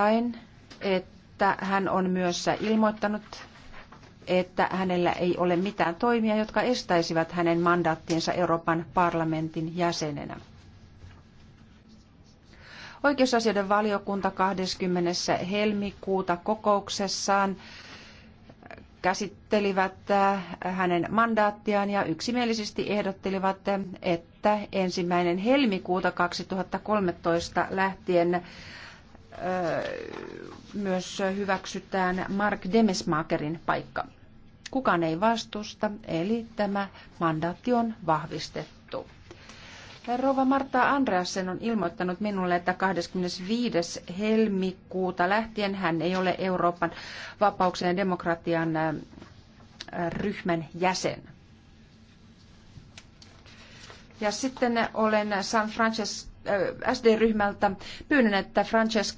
tiedostaen, että hän on myös ilmoittanut, että hänellä ei ole mitään toimia, jotka estäisivät hänen mandaattiensa Euroopan parlamentin jäsenenä. Oikeusasioiden valiokunta 20. helmikuuta kokouksessaan käsittelivät äh, hänen mandaattiaan ja yksimielisesti ehdottelivat, äh, että ensimmäinen helmikuuta 2013 lähtien myös hyväksytään Mark Demesmakerin paikka. Kukaan ei vastusta, eli tämä mandaatti on vahvistettu. Rouva Marta Andreasen on ilmoittanut minulle, että 25. helmikuuta lähtien hän ei ole Euroopan vapauksien ja demokratian ryhmän jäsen. Ja sitten olen San Frances, SD-ryhmältä pyynnön, että Francesca